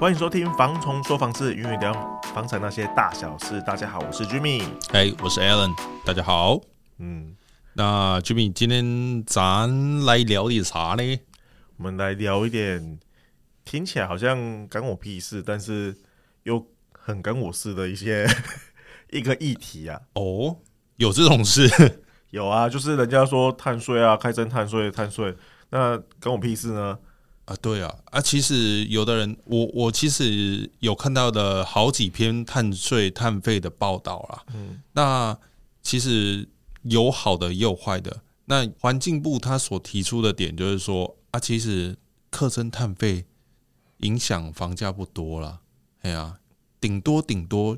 歡迎收聽《房蟲說房事》，雲雲聊房產那些大小事。大家好，我是 Jimmy，哎，hey, 我是 Alan，大家好。嗯，那 Jimmy，今天咱來聊點啥呢？我們來聊一點聽起來好像關我屁事，但是又很關我屁事的一些一個議題啊。哦，oh, 有這種事？有啊，就是人家說碳稅啊，開徵碳稅，碳稅，那關我屁事呢？啊，對啊，啊，其實有的人，我我其實有看到的好幾篇碳稅碳費的報道啦。嗯，那其實有好的也有壞的。那環境部他所提出的點就是說，啊，其實課徵碳費影響房價不多啦，哎呀、啊，頂多頂多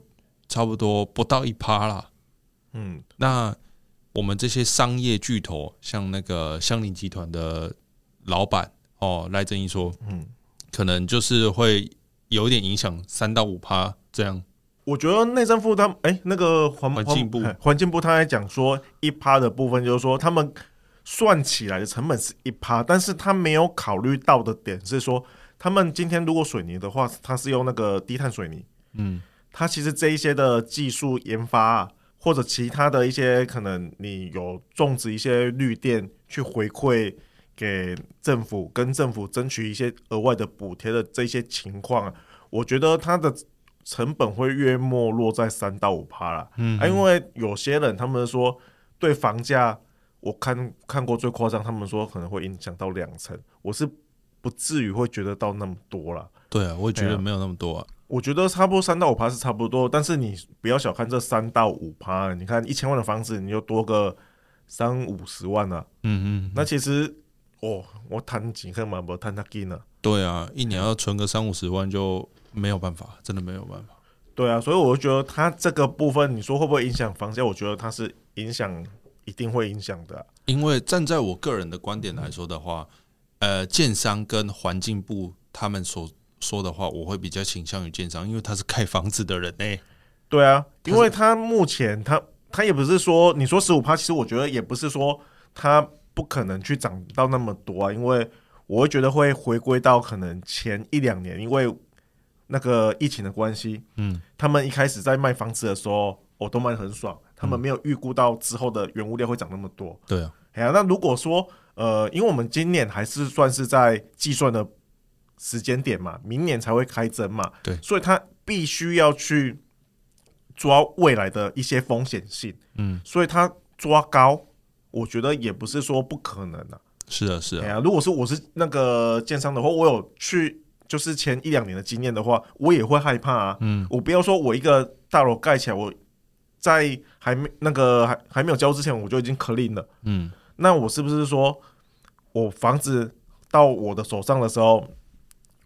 差不多不到一趴啦。嗯，那我們這些商業巨頭，像那個鄉林集團的老闆。哦，賴正一說，嗯，可能就是會有點影響三到五趴這樣。我覺得內政部他哎、欸、那個環境部環境部，環境部他還講說一趴的部分就是說他們算起來的成本是一趴，但是他沒有考慮到的點是說，他們今天如果水泥的話，他是用那個低碳水泥，嗯，他其實這一些的技術研發、啊、或者其他的一些可能你有種植一些綠電去回饋。給政府跟政府爭取一些額外的補貼的這些情況、啊，我覺得它的成本會約莫落在三到五趴了。啦嗯哼，啊、因為有些人他們說對房價，我看看過最誇張，他們說可能會影響到兩成，我是不至於會覺得到那麼多了。對啊，我也覺得沒有那麼多、啊哎。我覺得差不多三到五趴是差不多，但是你不要小看這三到五趴，你看一千萬的房子，你就多個三五十萬了、啊。嗯嗯，那其實。哦，我談景氣嘛，不談那幾呢？對啊，一年要存個三五十萬就沒有辦法，真的沒有辦法。對啊，所以我就覺得他這個部分，你說會不會影響房價？我覺得它是影響，一定會影響的、啊。因為站在我個人的觀點來說的話，嗯、呃，建商跟環境部他們所說的話，我會比較傾向於建商，因為他是蓋房子的人哎、欸。對啊，因為他目前他他也不是說你說十五趴，其實我覺得也不是說他。不可能去漲到那麼多啊，因為我會覺得會回歸到可能前一兩年，因為那個疫情的關係，嗯，他們一開始在賣房子的時候，我都賣得很爽，他們沒有預估到之後的原物料會漲那麼多，嗯、對啊，啊，那如果說呃，因為我們今年還是算是在計算的時間點嘛，明年才會開徵嘛，對，所以他必須要去抓未來的一些風險性，嗯，所以他抓高。我覺得也不是說不可能啊。是啊，是啊、哎。如果是我是那個建商的話，我有去就是前一兩年的經驗的話，我也會害怕啊。嗯，我不要說，我一個大樓蓋起來，我在還沒那個還還沒有交之前，我就已經 clean 了。嗯，那我是不是說我房子到我的手上的時候，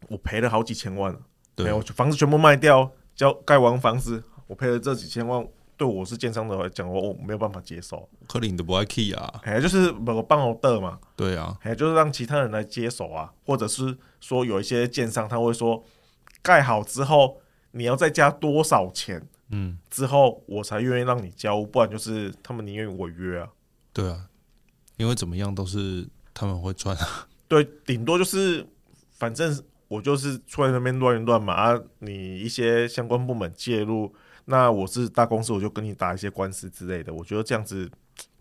我賠了好幾千萬了？對、哎，我房子全部賣掉，交蓋完房子，我賠了這幾千萬。對我是建商的來講，我我沒有辦法接受。柯林都不愛 key 啊，哎、欸，就是我幫我的嘛。對啊，哎、欸，就是讓其他人來接手啊，或者是說有一些建商他會說，蓋好之後你要再加多少錢？嗯，之後我才願意讓你交屋，不然就是他們寧願違約啊。對啊，因為怎麼樣都是他們會賺啊。對，頂多就是反正我就是出來在那邊亂一亂嘛，啊，你一些相關部門介入。那我是大公司，我就跟你打一些官司之類的。我覺得這樣子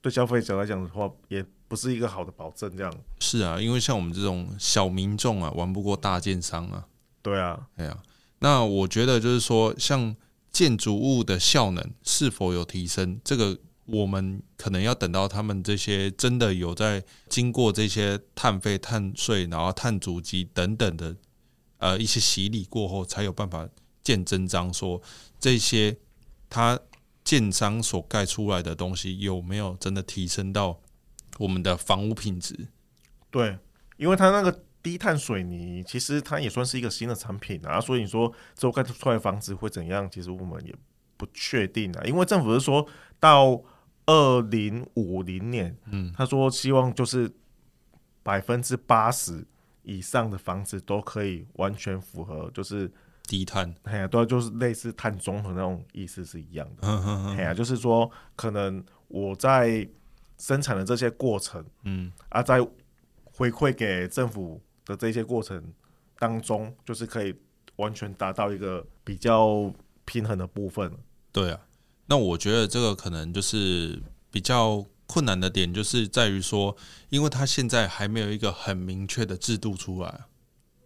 對消費者來講的話，也不是一個好的保證。這樣是啊，因為像我們這種小民眾啊，玩不過大建商啊。對啊，哎呀、啊，那我覺得就是說，像建築物的效能是否有提升，這個我們可能要等到他們這些真的有在經過這些碳費、碳稅，然後碳足跡等等的呃一些洗禮過後，才有辦法見真章。說。這些，它建商所蓋出來的東西有沒有真的提升到我們的房屋品質？對，因為它那個低碳水泥其實它也算是一個新的產品啊，所以你說之後蓋出來的房子會怎樣？其實我們也不確定啊。因為政府是說到二零五零年，嗯，他說希望就是百分之八十以上的房子都可以完全符合，就是。低碳，對啊，對啊，就是類似碳中和那種意思是一樣的。呵呵呵。對啊，就是說，可能我在生產的這些過程，嗯，啊，在回饋給政府的這些過程當中，就是可以完全達到一個比較平衡的部分。對啊，那我覺得這個可能就是比較困難的點，就是在於說，因為他現在還沒有一個很明確的制度出來。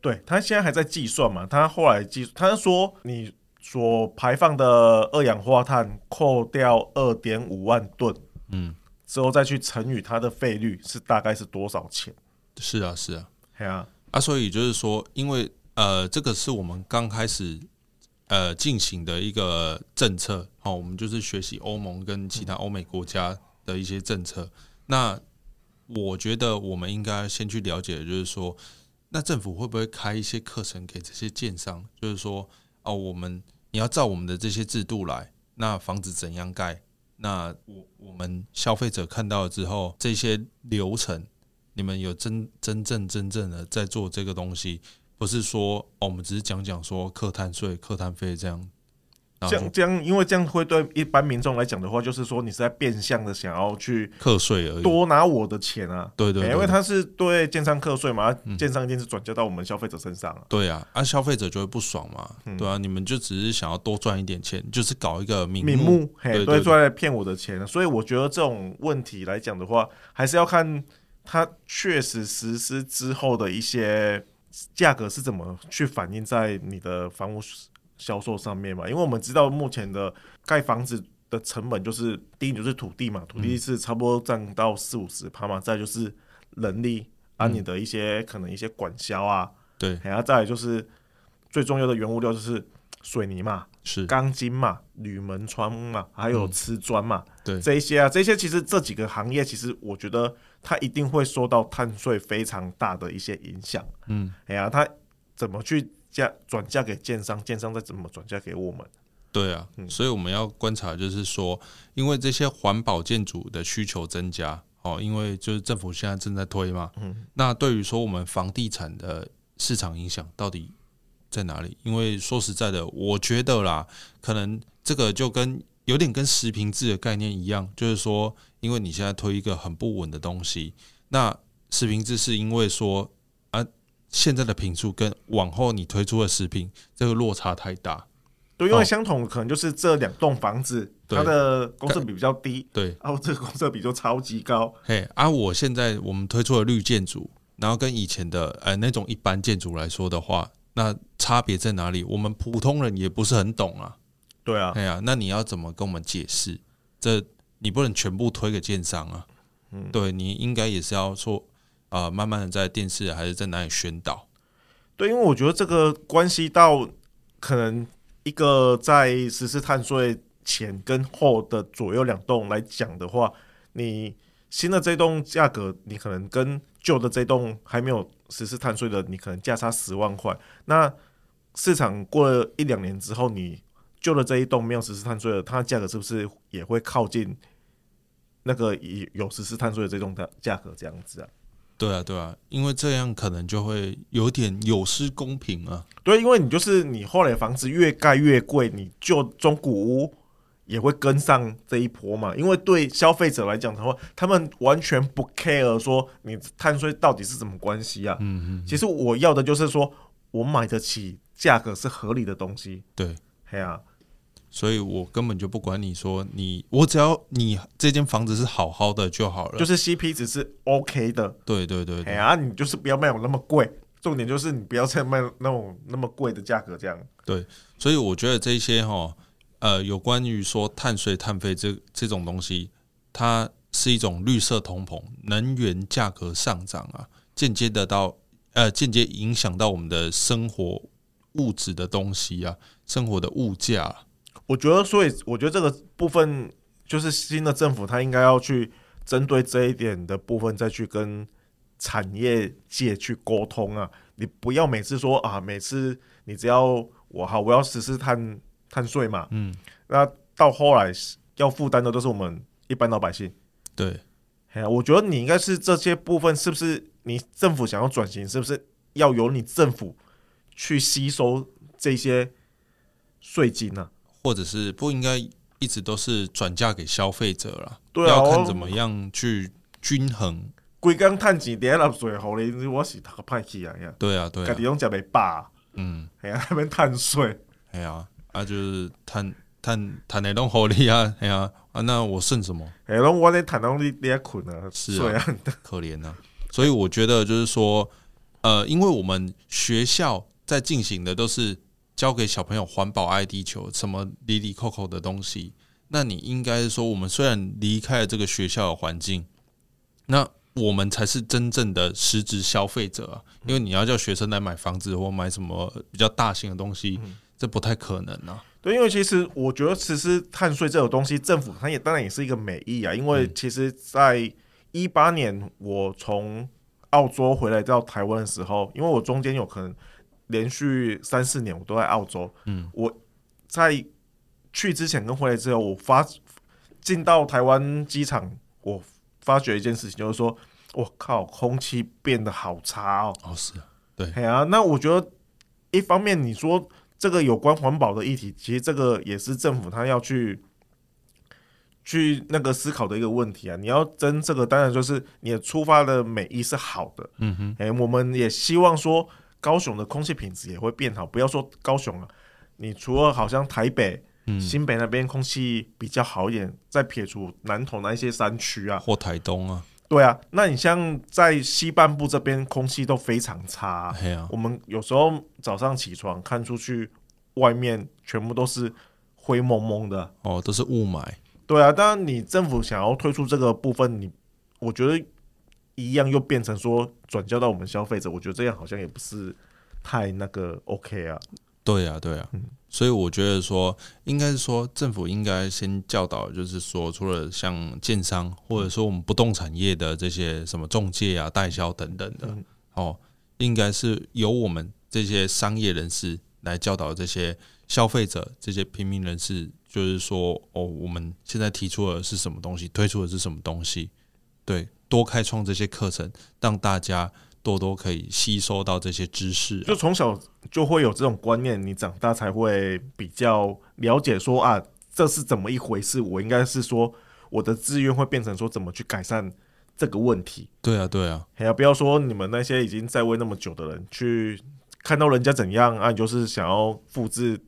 對，他現在還在計算嘛？他後來計算，他說，你所排放的二氧化碳扣掉二點五萬噸，嗯，之後再去乘以它的費率是大概是多少錢？是啊，是啊，對啊，啊，所以就是說，因為呃，這個是我們剛開始呃進行的一個政策，好，我們就是學習歐盟跟其他歐美國家的一些政策。那我覺得我們應該先去了解，就是說。那政府會不會開一些課程給這些建商？就是說，哦，我們你要照我們的這些制度來，那房子怎樣蓋？那我我們消費者看到了之後，這些流程你們有真真正真正的在做這個東西，不是說哦，我們只是講講說課碳稅課碳費這樣。像這，這樣，因為這樣會對一般民眾來講的話，就是說你是在變相的想要去課稅而已，多拿我的錢啊，對對、對，因為它是對建商課稅嘛，建商一定是轉嫁到我們消費者身上啊，嗯、對啊，而、啊、消費者就會不爽嘛，對啊，你們就只是想要多賺一點錢，嗯、就是搞一個名目，目嘿對對對、對，來騙我的錢，所以我覺得這種問題來講的話，還是要看它確實實施之後的一些價格是怎麼去反映在你的房屋。銷售上面嘛，因為我們知道目前的蓋房子的成本，就是第一就是土地嘛，土地是差不多占到四五十趴嘛，嗯、再就是人力，啊你的一些、嗯、可能一些管銷啊，對，然後、啊、再來就是最重要的原物料，就是水泥嘛，是鋼筋嘛，鋁門窗嘛，還有瓷磚嘛，對、嗯，這一些啊，對這些其實這幾個行業其實我覺得它一定會受到碳稅非常大的一些影響，嗯，哎呀、啊，它怎麼去？價轉嫁給建商，建商再怎麼轉嫁給我們？對啊，所以我們要觀察，就是說，因為這些環保建築的需求增加，哦，因為就是政府現在正在推嘛。嗯，那對於說我們房地產的市場影響到底在哪裡？因為說實在的，我覺得啦，可能這個就跟有點跟實坪制的概念一樣，就是說，因為你現在推一個很不穩的東西，那實坪制是因為說。現在的品數跟往後你推出的視頻，這個落差太大。對，因為相同的可能就是這兩棟房子，哦、它的公設比比較低。對，然後這個公設比就超級高。嘿，而、啊、我現在我們推出的綠建築，然後跟以前的呃那種一般建築來說的話，那差別在哪裡？我們普通人也不是很懂啊。對啊，哎呀、啊，那你要怎麼跟我們解釋？這你不能全部推給建商啊。嗯，對你應該也是要說。啊，慢慢的在電視還是在哪裡宣導？對，因為我覺得這個關係到可能一個在實施碳稅前跟後的左右兩棟來講的話，你新的這棟價格，你可能跟舊的這棟還沒有實施碳稅的，你可能價差十萬塊。那市場過了一兩年之後，你舊的這一棟沒有實施碳稅的，它的價格是不是也會靠近那個有有實施碳稅的這棟的價格這樣子啊？對啊，對啊，因為這樣可能就會有點有失公平啊。對，因為你就是你後來房子越蓋越貴，你就中古屋也會跟上這一波嘛。因為對消費者來講的話，他們完全不 care 說你碳稅到底是什麼關係啊。嗯嗯，嗯。其實我要的就是說我買得起，價格是合理的東西。對，哎啊。所以我根本就不管你說你，我只要你這間房子是好好的就好了，就是 C P 值是 OK 的。對對對，哎呀，你就是不要賣我那麼貴，重點就是你不要再賣那種那麼貴的價格這樣。對，所以我覺得這些哈，呃，有關於說碳稅、碳費這這種東西，它是一種綠色通膨，能源價格上漲啊，間接得到呃，間接影響到我們的生活物質的東西啊，生活的物價啊。我覺得，所以我覺得這個部分就是新的政府，他應該要去針對這一點的部分，再去跟產業界去溝通啊。你不要每次說啊，每次你只要我好，我要實施碳碳稅嘛，嗯，那到後來要負擔的都是我們一般老百姓。對，哎，我覺得你應該是這些部分，是不是你政府想要轉型，是不是要由你政府去吸收這些稅金呢？啊？或者是不應該一直都是轉嫁給消費者了，對啊、要看怎麼樣去均衡。貴港碳幾疊了水好哩，我是太氣啊！對啊，對，家己攏食袂飽，嗯，哎呀碳水，哎呀啊，啊就是碳碳碳，你攏好哩啊，哎呀啊，啊那我剩什麼？是啊，可憐啊。所以我覺得就是說，呃，因為我們學校在進行的都是。教給小朋友環保愛地球，什麼裡裡扣扣的東西，那你應該說，我們雖然離開了這個學校的環境，那我們才是真正的實質消費者啊，因為你要叫學生來買房子或買什麼比較大型的東西，嗯，這不太可能啊。對，因為其實我覺得，其實碳稅這個東西，政府它也當然也是一個美意啊。因為其實，在一八年我從澳洲回來到台灣的時候，因為我中間有可能。連續三四年，我都在澳洲。嗯，我在去之前跟回來之後，我發進到台灣機場，我發覺一件事情，就是說，我靠，空氣變得好差喔。哦，是，對，哎呀，那我覺得一方面你說這個有關環保的議題，其實這個也是政府他要去去那個思考的一個問題啊。你要徵這個，當然就是你的出發的美意是好的。嗯哼，哎，我們也希望說。高雄的空氣品質也會變好，不要說高雄了，啊，你除了好像台北、嗯、新北那邊空氣比較好一點，再撇除南投那一些山區啊，或台東啊，對啊，那你像在西半部這邊空氣都非常差、啊，啊、我們有時候早上起床看出去外面全部都是灰蒙蒙的，哦，都是霧霾，對啊，當然你政府想要推出這個部分，你我覺得。一樣又變成說，轉交到我們消費者，我覺得這樣好像也不是太那個 OK 啊。對啊，對啊，所以我覺得說應該是說政府應該先教導，就是說除了像建商，或者說我們不動產業的這些什麼中介啊、代銷等等的哦，應該是由我們這些商業人士來教導這些消費者、這些平民人士，就是說哦，我們現在提出的是什麼東西，推出的是什麼東西，對。多開創這些課程，讓大家多多可以吸收到這些知識、啊。就從小就會有這種觀念，你長大才會比較了解說啊，這是怎麼一回事？我應該是說，我的志願會變成說，怎麼去改善這個問題？對啊，對啊，還要、啊、不要說你們那些已經在位那麼久的人去看到人家怎樣啊？你就是想要複製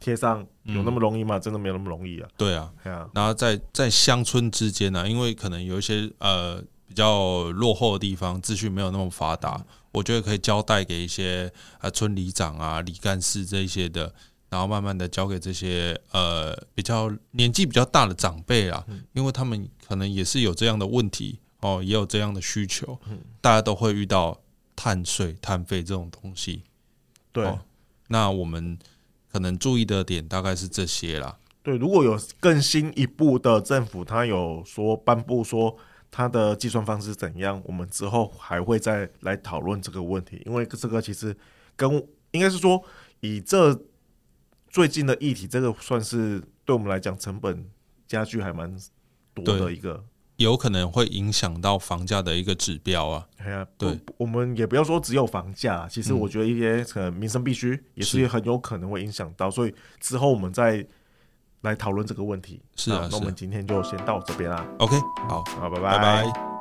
貼上，嗯、有那麼容易嗎？真的沒有那麼容易啊！對啊，對啊。然後在在鄉村之間呢、啊，因為可能有一些呃。比較落後的地方，資訊沒有那麼發達，我覺得可以交代給一些啊村里長啊、里幹事這一些的，然後慢慢的交給這些呃比較年紀比較大的長輩啦，嗯、因為他們可能也是有這樣的問題哦，也有這樣的需求，嗯、大家都會遇到碳稅、碳費這種東西。對、哦，那我們可能注意的點大概是這些啦。對，如果有更新一步的政府，他有說頒布說。它的計算方式怎樣？我們之後還會再來討論這個問題，因為這個其實跟應該是說，以這最近的議題，這個算是對我們來講成本加劇還蠻多的一個，有可能會影響到房價的一個指標啊。對，啊對，我們也不要說只有房價，其實我覺得一些可能民生必需也是很有可能會影響到，是所以之後我們再，來討論這個問題，是啊，那我們今天就先到這邊啦。啊啊、啦 OK，好，好，拜拜。Bye bye